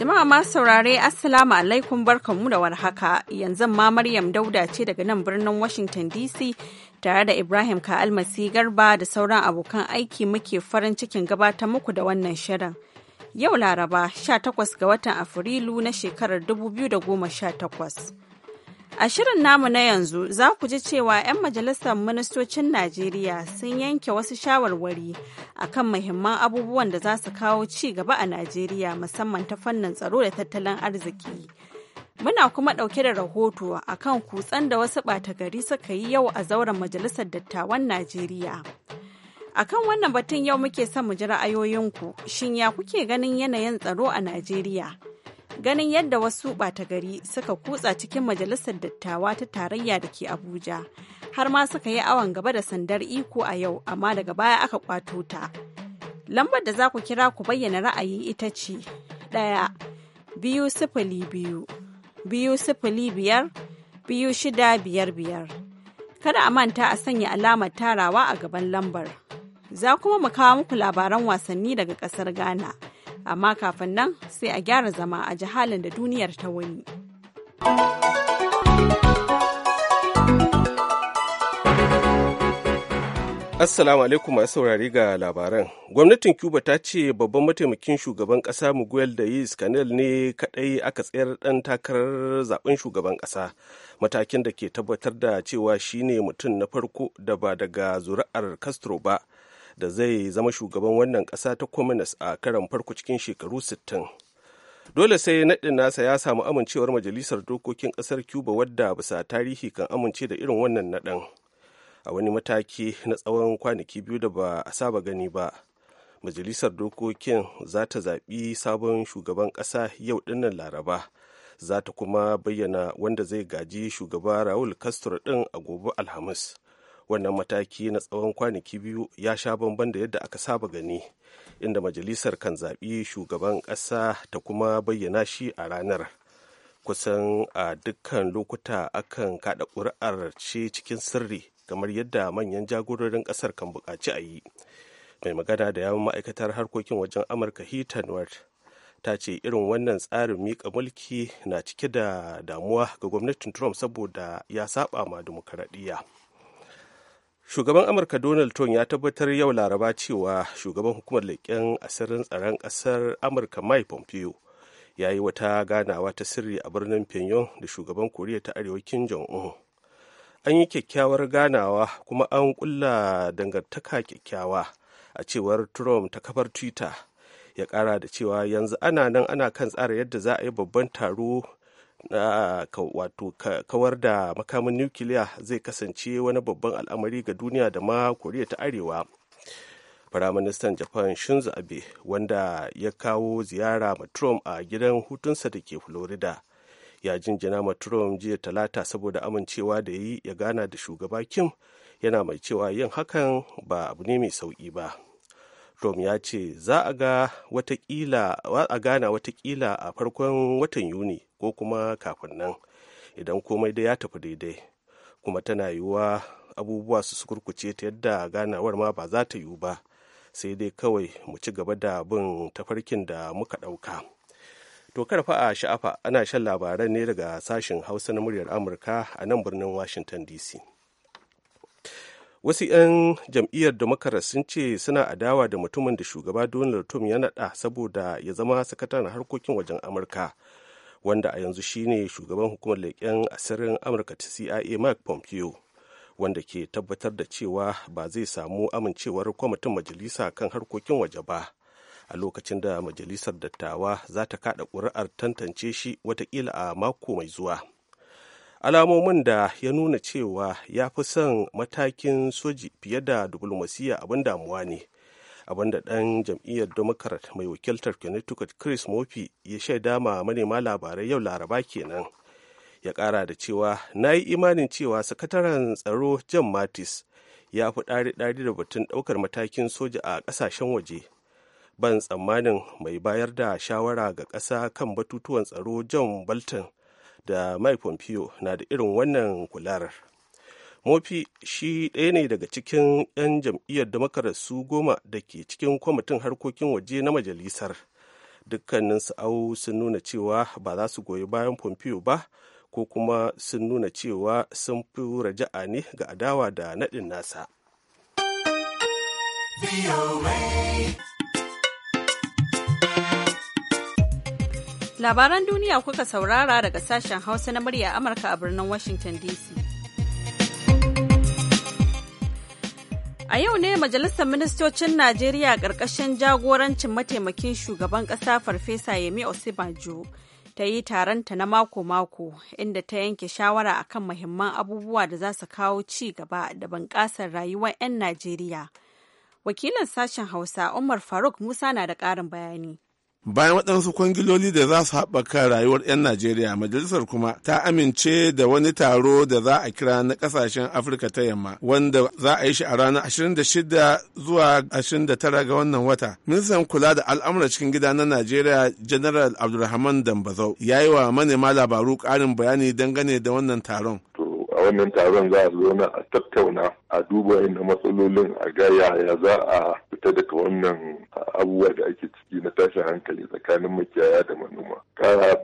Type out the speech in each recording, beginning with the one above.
Jama'a masu saurare Assalamu alaikum barkanmu da warhaka yanzu ma Maryam Dauda ce daga nan birnin Washington DC tare da Ibrahim Ka'almasi Garba da sauran abokan aiki muke farin cikin gabatar muku da wannan shirin. Yau Laraba 18 ga watan Afrilu na shekarar 2018. A shirin namu na yanzu za ku ji cewa 'yan majalisar ministocin Najeriya sun yanke wasu shawarwari a kan mahimman abubuwan da za su kawo ci gaba a Najeriya musamman ta fannin tsaro da tattalin arziki. Muna kuma ɗauke da rahoto a kan kutsen da wasu ɓata gari suka yi yau a zauren majalisar dattawan Najeriya. A kan wannan batun yau muke son mu ji ra'ayoyinku shin ya kuke ganin yanayin tsaro a Najeriya ganin yadda wasu ɓata gari suka kutsa cikin majalisar dattawa ta tarayya da ke abuja har ma suka yi awon gaba da sandar iko a yau amma daga baya aka kwato ta lambar da za ku kira ku bayyana ra'ayi ita ce ɗaya biyu sifili biyu biyu sifili biyar biyu shida biyar biyar kada a manta a sanya alamar tarawa a gaban lambar za kuma mu kawo muku labaran wasanni daga ƙasar ghana amma kafin nan sai a gyara zama a jihalin da duniyar ta wani. Assalamu alaikum masu saurari ga labaran. Gwamnatin Cuba ta ce babban mataimakin shugaban ƙasa Miguel Diaz Canel ne kadai aka tsayar dan takarar zaben shugaban kasa Matakin da ke tabbatar da cewa shi ne mutum na farko da ba daga zuri'ar Castro ba da zai zama shugaban wannan ƙasa ta communist a karan farko cikin shekaru 60 dole sai naɗin nasa ya samu amincewar majalisar dokokin ƙasar cuba wadda bisa tarihi kan amince da irin wannan naɗin a wani mataki na tsawon kwanaki biyu da ba a saba gani ba majalisar dokokin za ta zaɓi sabon shugaban ƙasa yau ɗinnan laraba za ta kuma bayyana wanda zai gaji shugaba raul castro ɗin a gobe alhamis wannan mataki na tsawon kwanaki biyu ya sha bamban da yadda aka saba gani inda majalisar kan zaɓi shugaban ƙasa ta kuma bayyana shi a ranar kusan a dukkan lokuta akan kaɗa ƙuri'ar ce cikin sirri kamar yadda manyan jagororin ƙasar kan buƙaci a yi mai magana da yawon ma'aikatar harkokin wajen amurka heaton ward ta ce irin wannan tsarin miƙa mulki na cike da damuwa ga gwamnatin trump saboda ya saba ma dimokuraɗiyya. shugaban amurka donald trump ya tabbatar yau laraba cewa shugaban hukumar leƙen asirin tsaron ƙasar amurka mike pompeo ya yi wata ganawa ta sirri a birnin pyongyang da shugaban koriya ta arewa kim jong-un an yi kyakkyawar ganawa kuma an kulla dangantaka kyakkyawa a cewar trump ta kafar twitter ya kara da cewa yanzu ana nan ana kan tsara yadda za a yi babban taro wato kawar da makamin nukiliya zai kasance wani babban al'amari ga duniya da ma koriya ta arewa firaministan japan shinzo abe wanda ya kawo ziyara ma trump a gidan hutunsa da ke florida ya jinjina ma trump jiya talata saboda amincewa da yi ya gana da shugaba kim yana mai cewa yin hakan ba abu ne mai sauƙi ba trump ya ce za a gana watakila a farkon watan yuni ko kuma kafin nan idan komai dai ya tafi daidai kuma tana yiwuwa abubuwa su sukurkuce ta yadda ganawar ma ba za ta yiwu ba sai dai kawai mu ci gaba da bin tafarkin da muka ɗauka to karfa a sha'afa ana shan labaran ne daga sashen hausa na muryar amurka a nan birnin washington dc wasu 'yan jam'iyyar demokaras sun ce suna adawa da mutumin da shugaba donald trump ya naɗa saboda ya zama sakataren harkokin wajen amurka wanda a yanzu shine shugaban hukumar leƙen asirin amurka ta cia mike pompeo wanda ke tabbatar da cewa ba zai samu amincewar kwamitin majalisa kan harkokin waje ba a lokacin da majalisar dattawa za ta kada ƙuri'ar tantance shi watakila a mako mai zuwa alamomin da ya nuna cewa ya fi son matakin soji fiye da diflomasiyya abin damuwa ne abinda ɗan jam'iyyar democrat mai wakiltar connecticut chris murphy ya shaida ma manema labarai yau laraba kenan ya ƙara da cewa na yi imanin cewa sakataren tsaro John matis ya fi ɗari-ɗari da batun ɗaukar matakin soja a ƙasashen waje ban tsammanin mai bayar da shawara ga ƙasa kan batutuwan tsaro john bolton da mike pompeo na da irin wannan kularar mofi shi ɗaya ne daga cikin 'yan jam'iyyar damakarar su goma da ke cikin kwamitin harkokin waje na majalisar. dukkanin au sun nuna cewa ba za su goyi bayan Pompeo ba, ko kuma sun nuna cewa sun fi raja'a ne ga adawa da naɗin nasa. Labaran duniya kuka saurara daga sashen Hausa na murya Amurka a birnin Washington DC. A yau ne Majalisar Ministocin Najeriya ƙarƙashin jagorancin mataimakin shugaban ƙasa Farfesa Yemi Osibajo ta yi taronta na mako-mako inda ta yanke shawara a kan mahimman abubuwa da za su kawo ci gaba da bunƙasar rayuwar 'yan Najeriya. Wakilin sashen Hausa Umar Faruk Musa na da ƙarin bayani. bayan waɗansu kwangiloli da za su haɓaka rayuwar 'yan najeriya majalisar kuma ta amince da wani taro da za a kira na ƙasashen afirka ta yamma wanda za a yi shi a ranar 26 zuwa 29 ga wannan wata ministan kula da al'amura cikin gida na najeriya general abdulrahman dambazau ya yi wa manema labaru ƙarin bayani dangane da wannan taron a wannan taron za a na a tattauna a duba inda matsalolin a ga yaya za a fita daga wannan abubuwa da ake ciki na tashin hankali tsakanin makiyaya da manoma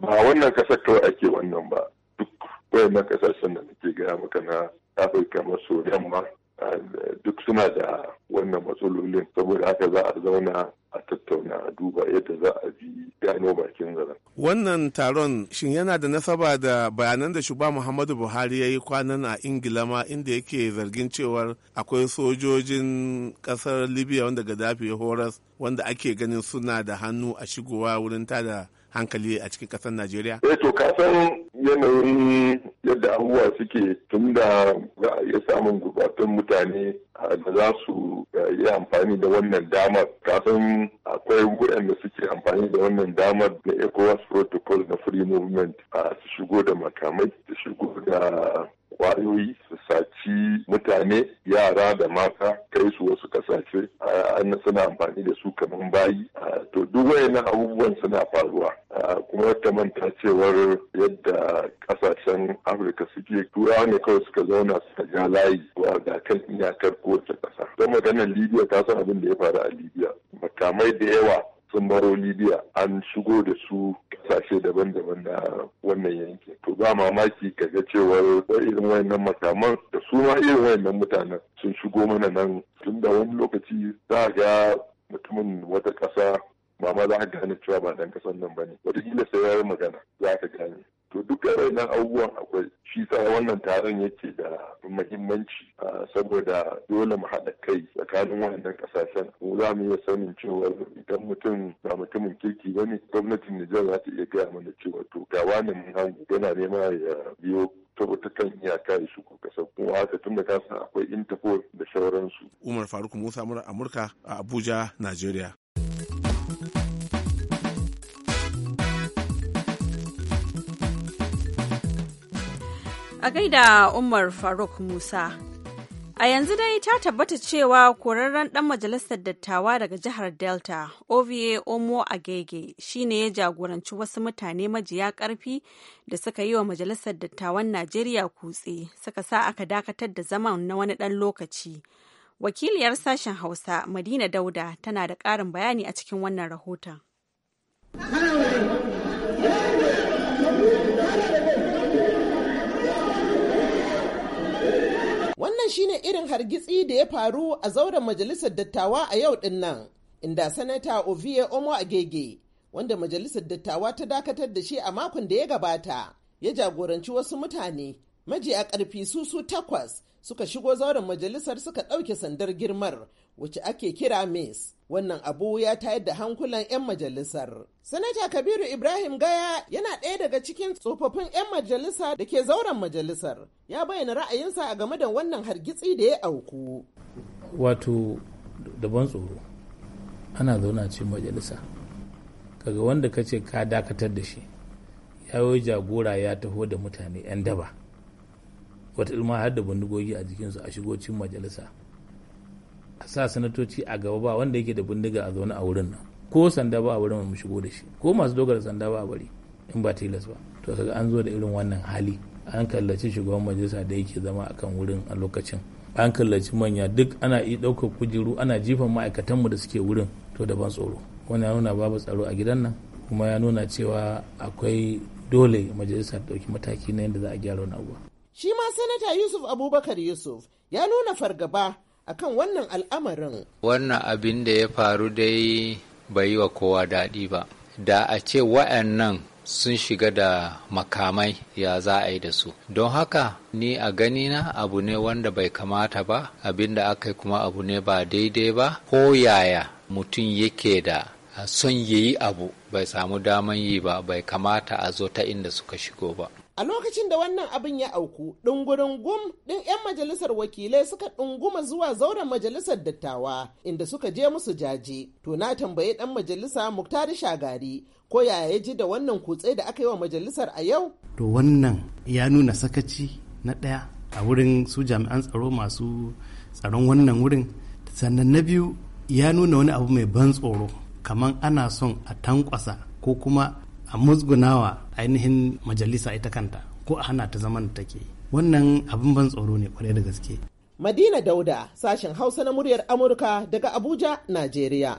ba wannan kasar kawai ake wannan ba duk wayannan kasashen da nake gaya maka na afirka maso yamma duk suna da wannan matsalolin saboda haka za a zauna a tattauna a duba yadda za a bi gano bakin zaren. Wannan taron shin yana da nasaba da bayanan da shuba Muhammadu Buhari ya yi kwanan a Ingila ma inda yake zargin cewar akwai sojojin kasar Libya wanda Gaddafi ya horas wanda ake ganin suna da hannu a shigowa wurin tada hankali a cikin kasar Najeriya? Eh to kasan yanayin yadda abubuwa suke tun da za a iya samun gubatun mutane da za su eh, yi amfani da wannan damar kafin akwai waɗanda suke amfani da wannan damar na ecowas protocol na free movement su shigo da makamai su shigo da kwayoyi su saci mutane yara da mata kai su wasu kasashe an suna amfani da su kamar bayi to duk wayannan abubuwan suna faruwa kuma ta manta cewar yadda kasashen afirka suke turawa ne kawai suka zauna suka ja layi ga kan iyakar kowace ƙasa. Don maganar Libya ta san abin da ya faru a Libya. Makamai da yawa sun baro Libya an shigo da su kasashe daban-daban na wannan yankin. To ba mamaki ka ga cewar irin wayannan makaman da su ma irin wayannan mutanen sun shigo mana nan tun da wani lokaci za ga mutumin wata ƙasa ba ma za ka gane cewa ba dan kasan nan ba ne. wataƙila sai ya magana za ka gane to duk wayannan abubuwan akwai shi sa wannan taron yake da muhimmanci saboda dole mu haɗa kai tsakanin wannan ƙasashen mu za mu iya sanin cewa idan mutum ba mutumin kirki ba ne gwamnatin Nijar za ta iya gaya mana cewa to ga wani mun yana nema ya biyo ta kan iyaka ya shigo kasa kuma haka tun da san akwai interpol da sauransu. Umar Faruk Musa mura Amurka a Abuja, Najeriya. A gaida Umar Faruk Musa A yanzu dai ta tabbata cewa korarren ɗan majalisar dattawa daga jihar Delta, Ovie Omo Agege, shi ne ya jagoranci wasu mutane majiya ƙarfi da suka yi wa majalisar dattawan Najeriya kutse, suka sa aka dakatar da zaman na wani ɗan lokaci. Wakiliyar sashen Hausa, Madina Dauda, tana da ƙarin bayani a cikin wannan rahoton. Wannan shine irin hargitsi da ya faru a zauren majalisar dattawa a yau din nan, inda sanata Ovie Omo Agege, wanda majalisar dattawa ta dakatar da shi a makon da ya gabata, ya jagoranci wasu mutane maji a ƙarfi su su takwas suka shigo zauren majalisar suka ɗauke sandar girmar wacce ake kira Mace. wannan abu ya tayar da hankulan 'yan majalisar. Sanata Kabiru Ibrahim Gaya yana ɗaya daga cikin tsofaffin 'yan majalisa da ke zauren majalisar. Ya bayyana ra'ayinsa a game da wannan hargitsi da ya auku. Wato, daban tsoro, ana zauna ce majalisa. Kaga wanda ka ce ka dakatar da shi, ya yi jagora ya taho da mutane 'yan daba. Wata ilma har da bindigogi a jikinsu a shigo cikin majalisa. a sa sanatoci a gaba ba wanda yake da bindiga a zaune a wurin nan ko sanda ba a wurin mu shigo da shi ko masu dogara sanda ba a bari in ba tilas ba to kaga an zo da irin wannan hali an kallaci shugaban majalisa da yake zama a kan wurin a lokacin an kallaci manya duk ana yi ɗaukar kujeru ana jifan ma'aikatanmu da suke wurin to daban tsoro wani ya nuna babu tsaro a gidan nan kuma ya nuna cewa akwai dole majalisa ta ɗauki mataki na yadda za a gyara wani abuwa. shi ma sanata yusuf abubakar yusuf ya nuna fargaba akan wannan al'amarin. Wannan abin da ya faru dai bai yi wa kowa daɗi ba. Da a ce wa'annan sun shiga da makamai ya za a yi da su. Don haka ni a ganina abu ne wanda bai kamata ba, abin da aka yi kuma abu ne ba daidai ba, ko yaya mutum yake da son yi abu bai samu daman yi ba bai kamata a zo ta inda suka shigo ba. a lokacin da wannan abin ya auku ɗungurin gum ɗin 'yan majalisar wakilai suka ɗunguma zuwa zauren majalisar dattawa inda suka je musu jaje to na tambayi ɗan majalisa muktari shagari ko yaya ya ji da wannan kutse da aka yi wa majalisar a yau to wannan ya nuna sakaci na ɗaya a wurin su jami'an tsaro masu tsaron wannan wurin sannan na biyu ya nuna wani abu mai ban tsoro kamar ana son a tankwasa ko kuma a musgunawa ainihin majalisa ita kanta ko a hana ta zaman da take wannan abin ban tsoro ne kwarai da gaske madina dauda sashen hausa na muryar amurka daga abuja najeriya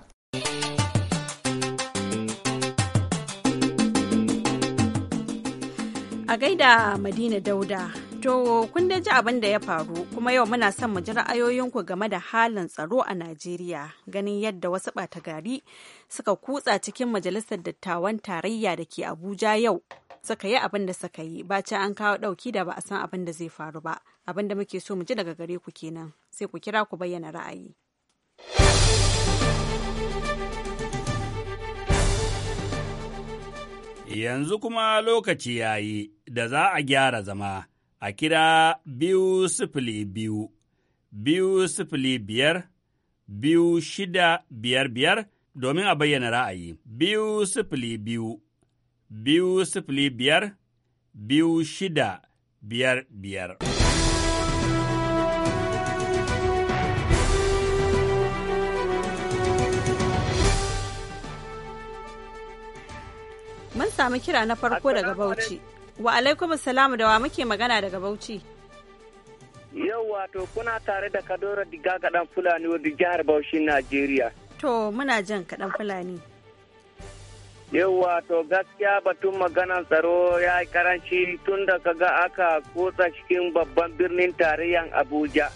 a gaida madina dauda To kun dai ji abin da ya faru kuma yau muna son mu ji ra'ayoyinku game da halin tsaro a Najeriya ganin yadda wasu ɓata gari suka kutsa cikin majalisar dattawan tarayya da ke Abuja yau suka yi abin da suka yi ba ce an kawo ɗauki da ba a san abin da zai faru ba abin da muke so mu ji daga gare ku kenan sai ku kira ku bayyana ra'ayi. Yanzu kuma lokaci yayi da za a gyara zama. a kira biyu sifili biyu, biyu sifili biyar, biyu shida biyar biyar domin a bayyana ra'ayi. Biyu sifili biyu, biyu sifili biyar, biyu shida biyar biyar. Mun sami kira na farko daga Bauchi. Wa alaikum salamu da wa muke magana daga Bauchi. Yau wato kuna tare da Kadora Diga kaɗan Fulani wadda jihar Bauchi Najeriya. To muna jan kaɗan Fulani. Yau wato gaskiya batun maganan tsaro ya yi karanci tun da kaga aka kotsa cikin babban birnin tarayyan Abuja.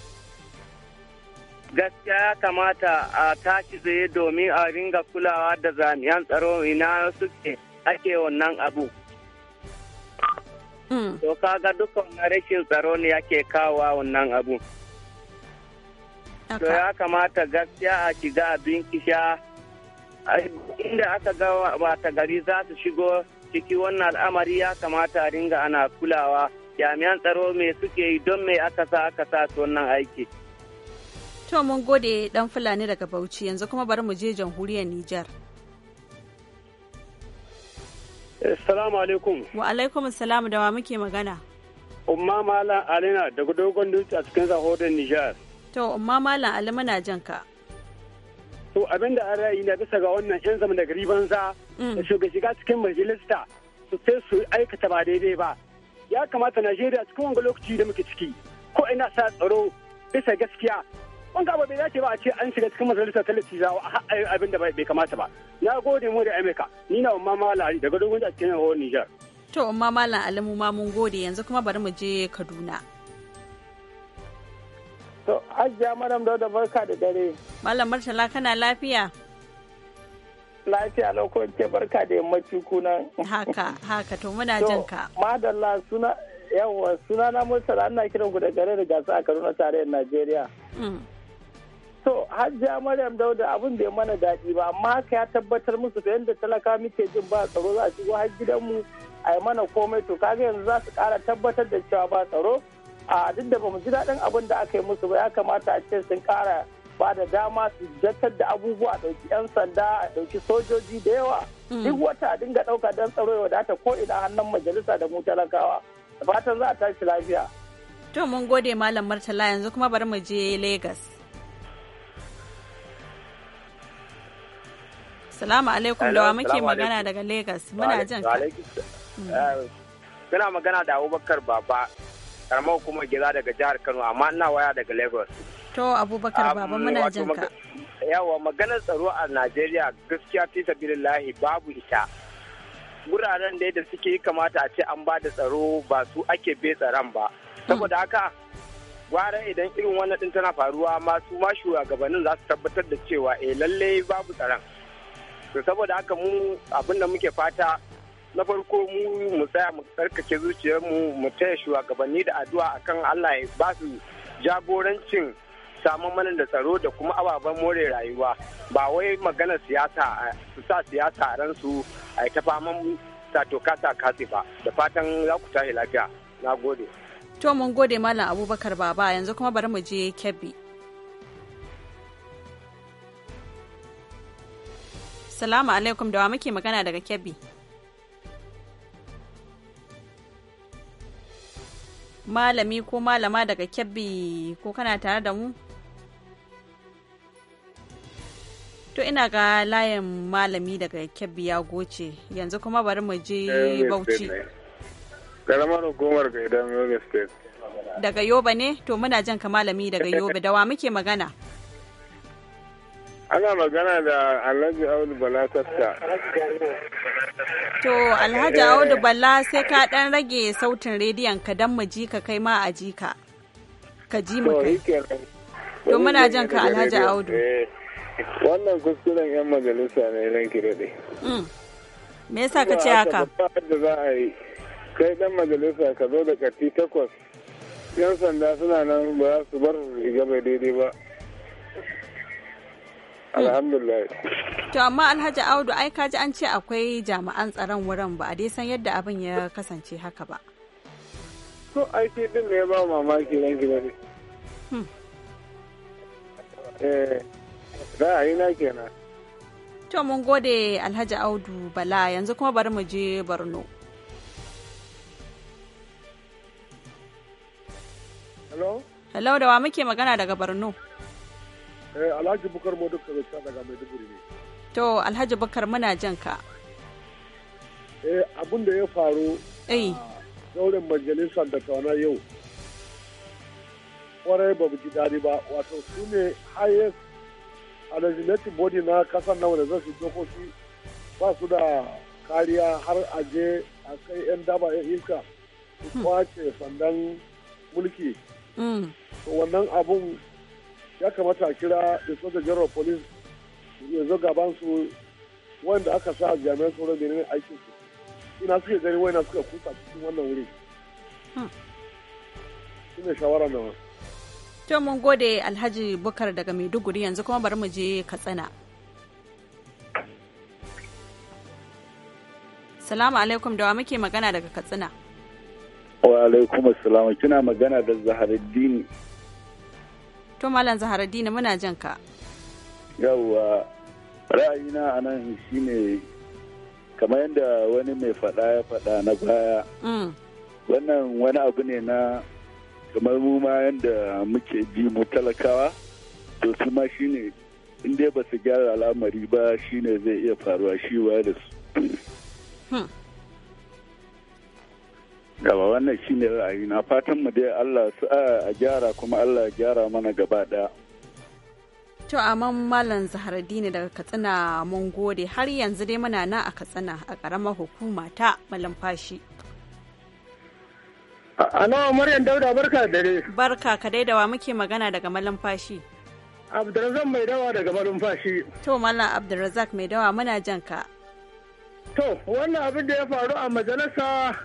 gaskiya ya kamata a tashi tsaye domin a ringa kulawa da jami'an tsaro ina suke ake wannan abu Mm. to kaga dukkan rashin tsaro ne yake kawo wannan abu to ya kamata gaskiya a shiga abin kisha inda aka ga wata gari za su shigo ciki wannan al'amari ya kamata ringa ana kulawa jami'an tsaro me suke yi don mai aka sa aka sa su wannan aiki to mun gode dan fulani daga bauchi yanzu kuma bari mu je jamhuriyar nijar Assalamu alaikum. Wa alaikum assalamu da wa muke magana. Umma Mala Alina daga dogon dutse a cikin zahodin Nijar. To, Umma Mala Ali muna jan ka. To, abin da ara yi na bisa ga wannan 'yan zama da gariban za. Mm. da shiga shiga cikin majalista su sai su aikata ba daidai ba. Ya kamata Najeriya cikin wanga lokaci da muke ciki ko ina sa tsaro bisa gaskiya wanga abu bai dace ba a ce an shiga cikin majalisar talauci za a abin da bai kamata ba na gode mu da amerika ni na umma mala daga dogon da cikin yawon niger to umma mala alamu ma mun gode yanzu kuma bari mu je kaduna to ajiya madam da barka da dare malam martala kana lafiya lafiya lau ko ce barka da yammaci kunan haka haka to muna jin ka madalla suna yawa suna na murtala ana kiran ku da gare da gasa a kaduna tarayyar najeriya mm. To hajjiya Maryam Dauda abin bai mana daɗi ba amma haka ya tabbatar musu da yadda talaka muke jin ba tsaro za su shigo har gidanmu a yi mana komai to kaga yanzu za su ƙara tabbatar da cewa ba tsaro a duk da bamu ji daɗin abin da aka yi musu ba ya kamata a ce sun ƙara ba da dama su jatar da abubuwa ɗauki 'yan sanda a ɗauki sojoji da yawa hmm. duk wata a dinga ɗauka don tsaro ya wadata ko ina hannun majalisa da mu talakawa fatan za a tashi lafiya. To mun gode Malam Murtala yanzu kuma bari mu je Legas. Salamu alaikum da wa muke magana daga Legas muna jin ka. Hmm. Eh, suna magana da Abubakar Baba karamar kuma gida daga jihar Kano amma ina waya daga Lagos. To Abubakar ah, Baba mm, muna jin ka. Yawa maganar tsaro a Najeriya gaskiya fi sabilillahi babu ita. Wuraren da da suke kamata a ce an ba da tsaro ba su ake be tsaron ba. Mm. Saboda haka gwara idan irin wannan din tana faruwa masu ma shugabannin za su tabbatar da cewa eh lalle babu tsaron. to saboda haka mu abin da muke fata na farko mu mu tsaya mu tsarkake zuciyarmu mu taya shugabanni da addu'a akan Allah ya ba su jagorancin samun manan da tsaro da kuma ababen more rayuwa ba wai magana siyasa su sa siyasa a ransu a ta faman sato kasa kasi ba da fatan za ku tashi lafiya na gode to mun gode malam abubakar baba yanzu kuma bari mu je kebbi Salamu alaikum da wa muke magana daga Kebbi. Malami ko malama daga Kebbi ko kana tare da mu? To ina ga layin malami daga Kebbi ya goce yanzu kuma bari mu je Bauchi. Karamar hukumar ga idan State. Daga Yobe ne? To muna jan ka malami daga Yobe da wa muke magana? ana magana da alhaji audu bala tafta to alhaji audu bala sai ka dan rage sautin rediyon ka dan mu ji ka kai ma a ji ka ka ji mu kai to muna jan ka alhaji audu eh, wannan kuskuren yan majalisa ne ran kirede dade mm. me yasa ka ce haka da za a yi kai dan majalisa ka zo da kati takwas yan sanda suna nan ba su bar su shiga bai daidai ba Hmm. alhamdulillah to amma alhaji audu ai kaji an ce akwai jami'an tsaron wurin ba a dai san yadda abin ya kasance haka ba to ai sai din ne ba mamaki ran gida ne hmm. eh ra'ayi na kenan to mun gode alhaji audu bala yanzu kuma bari mu je borno hello hello da wa muke magana daga borno Eh, Alhaji Bukar Modok daga Sha daga Maiduguri ne. To Alhaji Bukar muna jan ka. Eh abun da ya faru. Eh. Zauren majalisar da kawana yau. Kwarai ba ji daɗi ba wato su ne highest legislative body na kasar nawa wanda zai dokoki ba su da kariya har a je a kai 'yan daba ya iska su hmm. kwace sandan mulki. Hmm. To wannan abun ya kamata a kira inspector general police ya zo gaban su wanda aka sa jami'an tsoron da ne aikin su ina suke gani wani na suka kusa cikin wannan wuri hmm. shine shawara na to mun gode alhaji bukar daga maiduguri yanzu kuma bari mu je katsina salamu alaikum da wa muke magana daga katsina wa alaikum assalam kina magana da zaharuddin to malam zaharaddini muna jin ka yawwa ra'ayina a nan shine kamar yadda wani mai faɗa ya faɗa na baya mm. wannan wani abu ne na kamar mu ma yadda muke ji mu talakawa to su ma shine dai ba su gyara al'amari ba shine zai iya faruwa shi da su hmm. gaba wannan shi ne ra'ayi na fatan mu dai Allah su a gyara kuma Allah ya gyara mana gaba daya to aman malam zahardini daga katsina mun gode har yanzu dai muna na a katsina a karamar hukuma ta malam fashi Ana Maryam Dauda barka da dare. Barka ka dai dawa muke magana daga malam fashi abdurrazak mai dawa daga malam fashi. To Malam abdurrazak mai dawa muna jan ka. To wannan abin da ya faru a majalisa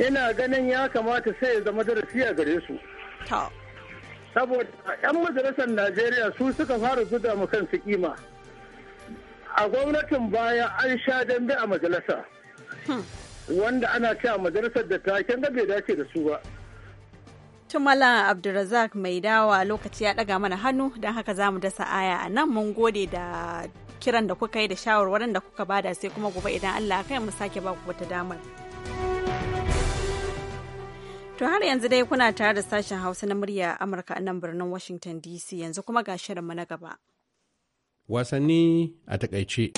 ina ganin ya kamata sai ya zama darasi a gare su saboda 'yan majalisar najeriya su suka fara zuda mu kansu kima a gwamnatin baya an sha dambe a majalisa hmm. wanda ana ce a majalisar da taken da bai dace da su ba Tumala Abdulrazak mai dawa lokaci ya ɗaga mana hannu don haka za mu dasa aya a nan mun gode da kiran da kuka yi da shawarwarin da kuka bada sai kuma gobe idan Allah kai mu sake baku ku wata damar. To har yanzu dai kuna tare da sashen Hausa na murya Amurka a nan birnin Washington DC yanzu kuma ga shirinmu na gaba. Wasanni a takaice.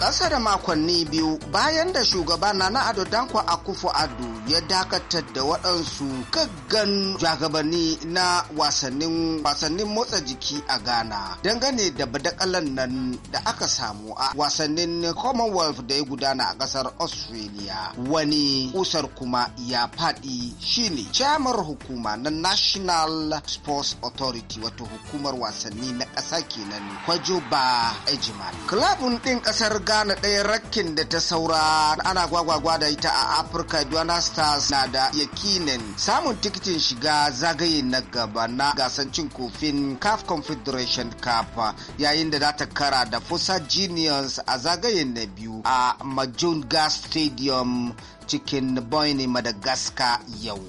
ƙasa da makonni biyu bayan da shugaba nana ado danko akufo ado ya dakatar da waɗansu gaggan jagabanni na wasannin motsa jiki a ghana dangane da badakalan nan da aka samu a wasannin commonwealth da ya gudana a ƙasar australia wani usar kuma ya faɗi shine chamar hukuma na national sports authority wato hukumar wasanni na ƙasa kenan kwajoba ba. klabun ɗin ƙasar gane ɗaya rakin da ta saura ana gwagwagwa da ita a afirka duwana stars na da yakinin samun tikitin shiga zagaye na gaba na gasar cin kofin caf confederation cup yayin da za ta kara da fusa juniors a zagaye na biyu a majunga stadium cikin boyne madagascar yau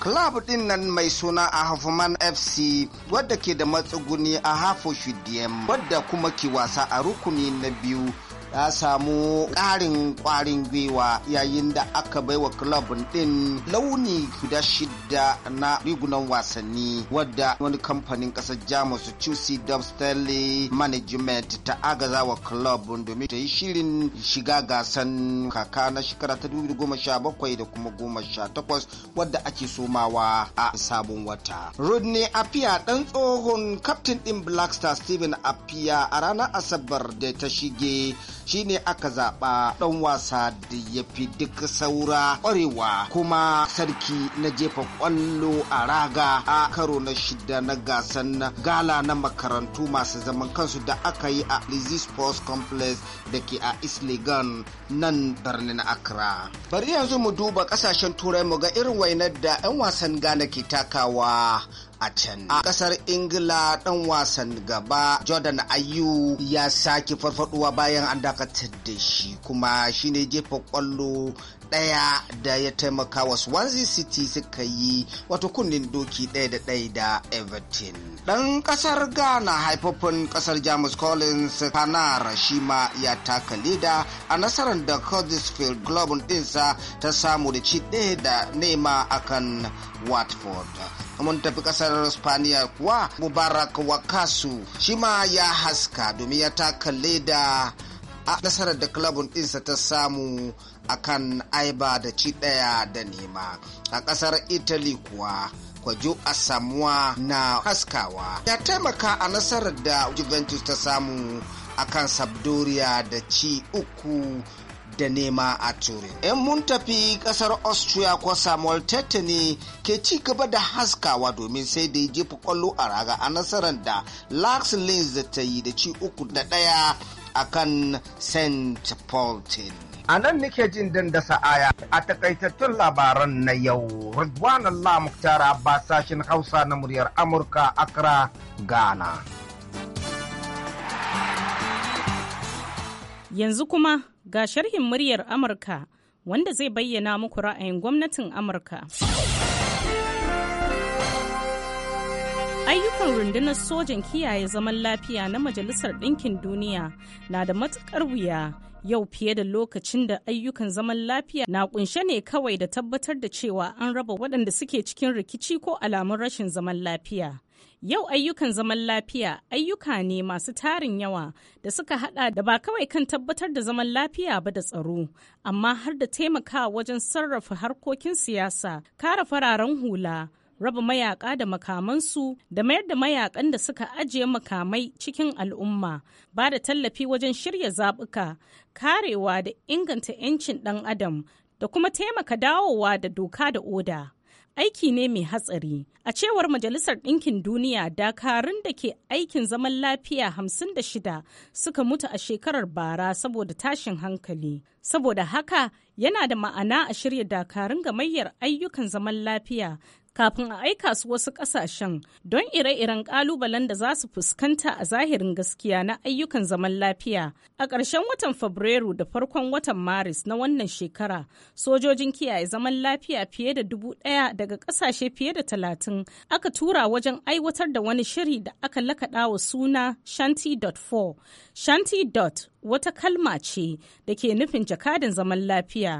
Club din nan mai suna a Hafuman FC wadda ke da matsuguni a Hafo Shudiyem wadda kuma ke wasa a rukuni na biyu ya samu ƙarin ƙwarin gwiwa yayin da aka baiwa club ɗin launi guda shida na rigunan wasanni wadda wani kamfanin ƙasar jamus chusi dub stanley management ta agaza wa club domin ta yi shirin shiga gasan kaka na shekara ta 2017 da kuma goma sha 18 wadda ake somawa a sabon wata rodney apia ɗan tsohon kaftin ɗin black star steven apia a ranar asabar da ta shige Shi ne aka zaɓa ɗan wasa da ya fi duk saura ƙwarewa kuma sarki na jefa ƙwallo a raga a karo na shida na gasan gala na makarantu masu zaman kansu da aka yi a Lizzie Sports Complex da ke a Isligan nan birnin Accra. Bari yanzu mu duba ƙasashen turai mu ga irin wainar da 'yan wasan Ghana ke takawa a can. A kasar Ingila ɗan wasan gaba Jordan Ayu ya sake farfaduwa bayan an dakatar da shi kuma shine jefa kwallo ɗaya da ya taimaka wa Swansea City suka yi wato kunnen doki ɗaya da ɗaya da Everton. Ɗan ƙasar Ghana haifafin ƙasar Jamus Collins Kanar shi ma ya taka leda a nasarar da Huddersfield Globe ɗinsa ta samu da ci ɗaya da nema akan Watford. mun tafi kasar spaniya kuwa mubarak wakasu shi ma ya haska domin ya taka leda a nasarar da klabun dinsa ta samu a kan aiba da ci daya da nema a kasar italy kuwa kwajo a samuwa na haskawa ya taimaka a nasarar da juventus ta samu a kan sabdoria da ci uku da nema a turin 'yan mun tafi kasar austria ko samuel tete ke ci gaba da haskawa domin sai da ya jefa kwallo a raga a nasarar da lax lins da ta yi da ci uku da daya kan st paulton A nan nake jin dandasa aya a takaitattun labaran na yau. Ridwan Allah ba sashen Hausa na muryar Amurka Accra, Ghana. Yanzu kuma ga sharhin muryar Amurka wanda zai bayyana muku ra'ayin gwamnatin Amurka. ayyukan rundunar sojan kiyaye zaman lafiya na majalisar ɗinkin duniya na da matuƙar wuya yau fiye da lokacin da ayyukan zaman lafiya na kunshe ne kawai da tabbatar da cewa an raba waɗanda suke cikin rikici ko alamun rashin zaman lafiya Yau ayyukan zaman lafiya ayyuka ne masu tarin yawa da suka hada da ba kawai kan tabbatar da zaman lafiya ba da tsaro, amma har da taimaka wajen sarrafa harkokin siyasa, kara fararen hula, raba mayaka da makamansu da mayar da mayakan da suka ajiye makamai cikin al'umma ba da tallafi wajen shirya zabuka, karewa da inganta 'yancin ɗan adam da kuma taimaka dawowa da doka da oda aiki ne mai hatsari. A cewar Majalisar Ɗinkin Duniya, dakarun da ke aikin zaman lafiya hamsin da shida suka mutu a shekarar bara saboda tashin hankali. Saboda haka yana da ma'ana a shirya dakarun gamayyar ayyukan zaman lafiya kafin a aika su wasu ƙasashen don ire-iren ƙalubalen da za su fuskanta a zahirin gaskiya na ayyukan zaman lafiya. A ƙarshen watan Fabrairu da farkon watan Maris na wannan shekara, sojojin kiyaye zaman lafiya fiye da dubu ɗaya daga ƙasashe fiye da talatin aka tura wajen aiwatar da wani shiri da aka lakaɗa wa suna Shanti.4. Shanti. wata kalma ce da ke nufin jakadin zaman lafiya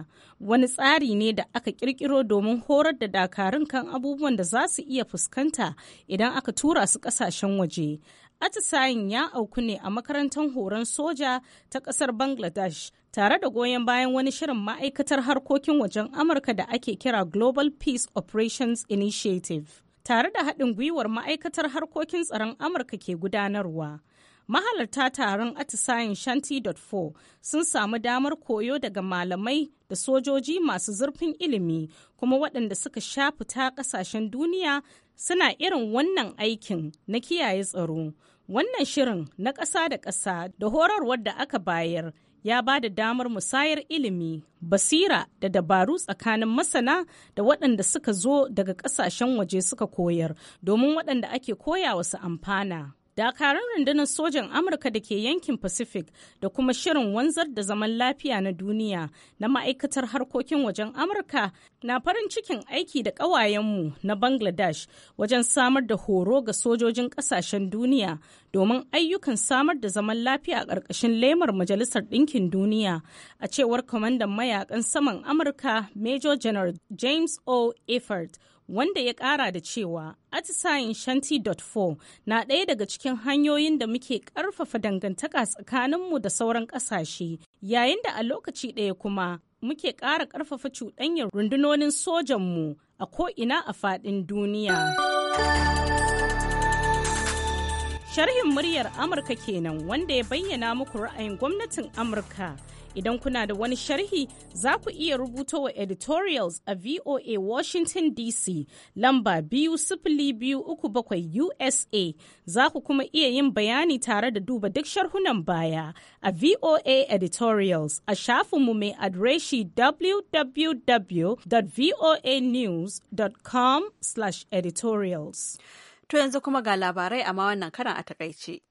wani tsari ne da aka kirkiro domin horar da dakarun kan abubuwan da za su iya fuskanta idan aka tura su kasashen waje atisayin ya auku ne a makarantar horon soja ta kasar bangladesh tare da goyon bayan wani shirin ma'aikatar harkokin wajen amurka da ake kira global peace operations initiative tare da haɗin gwiwar ma'aikatar harkokin tsaron amurka ke gudanarwa mahalarta taron atisayen shanti.4 sun samu damar koyo daga malamai da sojoji masu zurfin ilimi kuma waɗanda suka sha fita ƙasashen duniya suna irin wannan aikin na kiyaye tsaro wannan shirin na ƙasa da ƙasa da horarwar da aka bayar ya ba da damar musayar ilimi basira da dabaru tsakanin masana da waɗanda suka zo daga ƙasashen waje suka koyar domin waɗanda ake koya wasu amfana dakarun rundunar sojan amurka da ke yankin pacific da kuma shirin wanzar da zaman lafiya na duniya na ma'aikatar harkokin wajen amurka na farin cikin aiki da ƙawayenmu na bangladesh wajen samar da horo ga sojojin ƙasashen duniya domin ayyukan samar da zaman lafiya a ƙarƙashin lemar majalisar ɗinkin duniya a cewar kwamandan mayakan saman amurka major general james o. Effort. wanda ya kara da cewa atisayin shanti.4 na ɗaya daga cikin hanyoyin da muke ƙarfafa dangantaka tsakaninmu da sauran ƙasashe yayin da a lokaci ɗaya kuma muke ƙara ƙarfafa cuɗanyar rundunonin sojanmu a ko'ina a faɗin duniya. Sharhin muryar Amurka kenan wanda ya bayyana muku ra'ayin gwamnatin Amurka. Idan kuna da wani sharhi za ku iya rubuto wa editorials a VOA Washington DC lamba biyu biyu uku bakwai USA za ku kuma iya yin bayani tare da duba duk sharhunan baya a VOA editorials a shafinmu mai adreshi www.voanews.com/editorials. To yanzu kuma ga labarai amma wannan karan a takaice.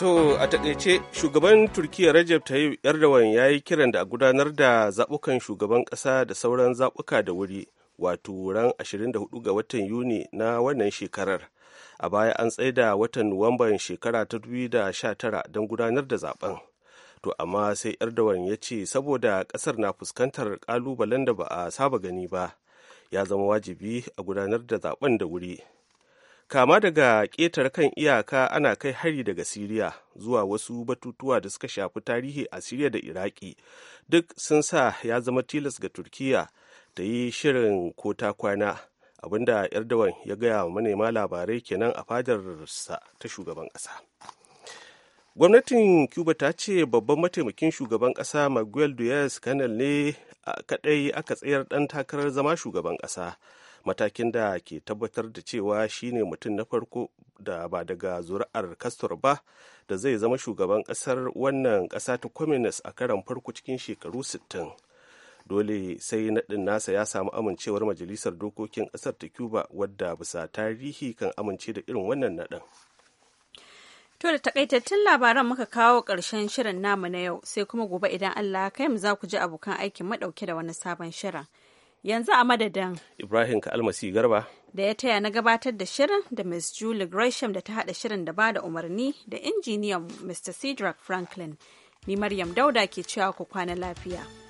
To a takaice shugaban Turkiyya Rajab Tayyip Erdogan ya yi kiran da a gudanar da zaɓukan shugaban ƙasa da sauran zaɓuka da wuri wato ran 24 ga watan Yuni na wannan shekarar. A baya an tsaida watan Nuwamban shekara ta 2019 don gudanar da zaben. To amma sai Erdogan ya ce saboda ƙasar na fuskantar ƙalubalen da ba a saba gani ba, ya zama wajibi a gudanar da zaben da wuri. kama daga ƙetar kan iyaka ana kai hari daga siriya zuwa wasu batutuwa da suka shafi tarihi a siriya da iraki duk sun sa ya zama tilas ga turkiya ta yi shirin ko ta kwana abinda erdogan ya gaya wa manema labarai kenan a fadarsa ta shugaban ƙasa gwamnatin cuba ta ce babban mataimakin shugaban ƙasa miguel diaz canel ne kadai aka tsayar ɗan takarar zama shugaban ƙasa matakin da ke tabbatar da cewa shine mutum na farko da ba daga zuri'ar kastor ba da zai zama shugaban ƙasar wannan ƙasa ta communist a karan farko cikin shekaru 60 dole sai naɗin nasa ya samu amincewar majalisar dokokin ƙasar ta cuba wadda bisa tarihi kan amince da irin wannan naɗin To da takaitattun labaran muka kawo ƙarshen shirin namu na yau sai kuma gobe idan Allah kai mu za ku ji abokan aikin madauke da wani sabon shirin. yanzu a madadin ibrahim kalmasi garba da ya taya na gabatar da shirin da miss julie gresham da ta hada shirin da ba da umarni da injiniyan mr cedric franklin ni maryam dauda ke cewa ku kwana lafiya